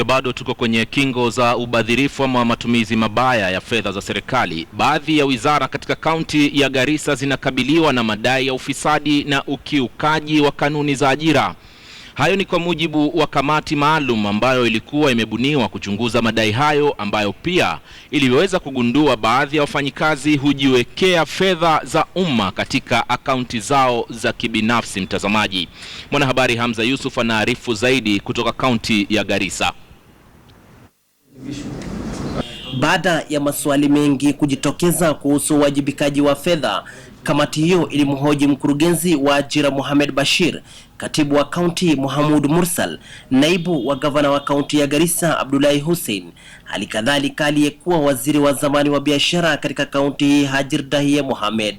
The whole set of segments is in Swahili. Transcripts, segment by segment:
tukiwa bado tuko kwenye kingo za ubadhirifu ama matumizi mabaya ya fedha za serikali, baadhi ya wizara katika kaunti ya Garissa zinakabiliwa na madai ya ufisadi na ukiukaji wa kanuni za ajira. Hayo ni kwa mujibu wa kamati maalum ambayo ilikuwa imebuniwa kuchunguza madai hayo, ambayo pia iliweza kugundua baadhi ya wafanyikazi hujiwekea fedha za umma katika akaunti zao za kibinafsi. Mtazamaji, mwanahabari Hamza Yusuf anaarifu zaidi kutoka kaunti ya Garissa. Baada ya maswali mengi kujitokeza kuhusu uwajibikaji wa fedha, kamati hiyo ilimhoji mkurugenzi wa ajira Mohamed Bashir, katibu wa kaunti Mohamud Mursal, naibu wa gavana wa kaunti ya Garissa Abdullahi Hussein, hali kadhalika aliyekuwa waziri wa zamani wa biashara katika kaunti hii Hajir Dahiye Mohamed.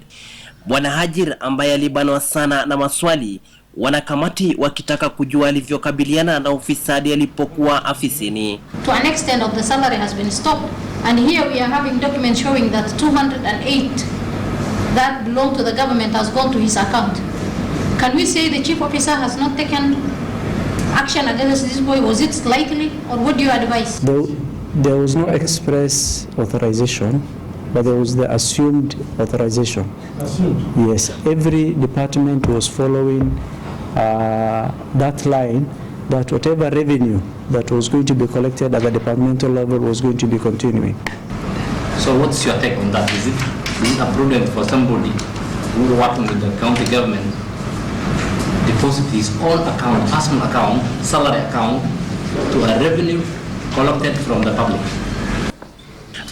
Bwana Hajir ambaye alibanwa sana na maswali wanakamati wakitaka kujua alivyokabiliana na ufisadi alipokuwa afisini. To an extent of the salary has been stopped and here we are having documents showing that 208 that belong to the government has gone to his account. Can we say the chief officer has not taken action against this boy? Was it slightly or what do you advise? There, there was no express authorization but there was the assumed authorization. Assumed? Yes, every department was following Uh, that line that whatever revenue that was going to be collected at the departmental level was going to be continuing. So what's your take on that? Is it it prudent for somebody who working with the county government deposit his own account, personal account, salary account to a revenue collected from the public?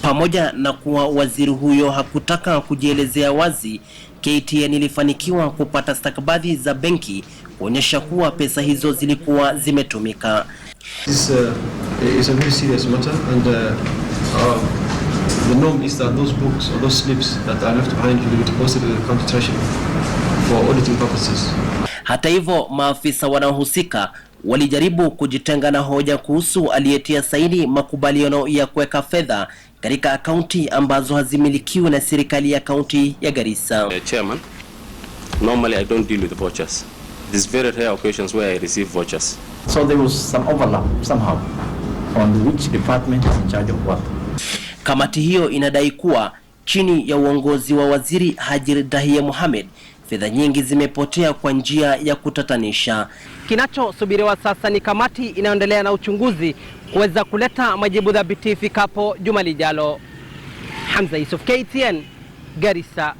Pamoja na kuwa waziri huyo hakutaka kujielezea wazi, KTN ilifanikiwa kupata stakabadhi za benki kuonyesha kuwa pesa hizo zilikuwa zimetumika. This, uh, is a very serious matter and, uh, uh, the norm is that those books or those slips that are left behind will be deposited in the county treasury for auditing purposes. Hata hivyo, maafisa wanaohusika walijaribu kujitenga na hoja kuhusu aliyetia saini makubaliano ya kuweka fedha katika akaunti ambazo hazimilikiwi na serikali ya kaunti ya Garissa. Uh, chairman, normally I don't deal with the vouchers. This very rare occasions where I receive vouchers. So there was some overlap somehow on which department is in charge of what. Kamati hiyo inadai kuwa chini ya uongozi wa Waziri Hajir Dahia Mohamed fedha nyingi zimepotea kwa njia ya kutatanisha. Kinachosubiriwa sasa ni kamati inayoendelea na uchunguzi kuweza kuleta majibu dhabiti ifikapo juma lijalo. Hamza Yusuf, KTN, Garissa.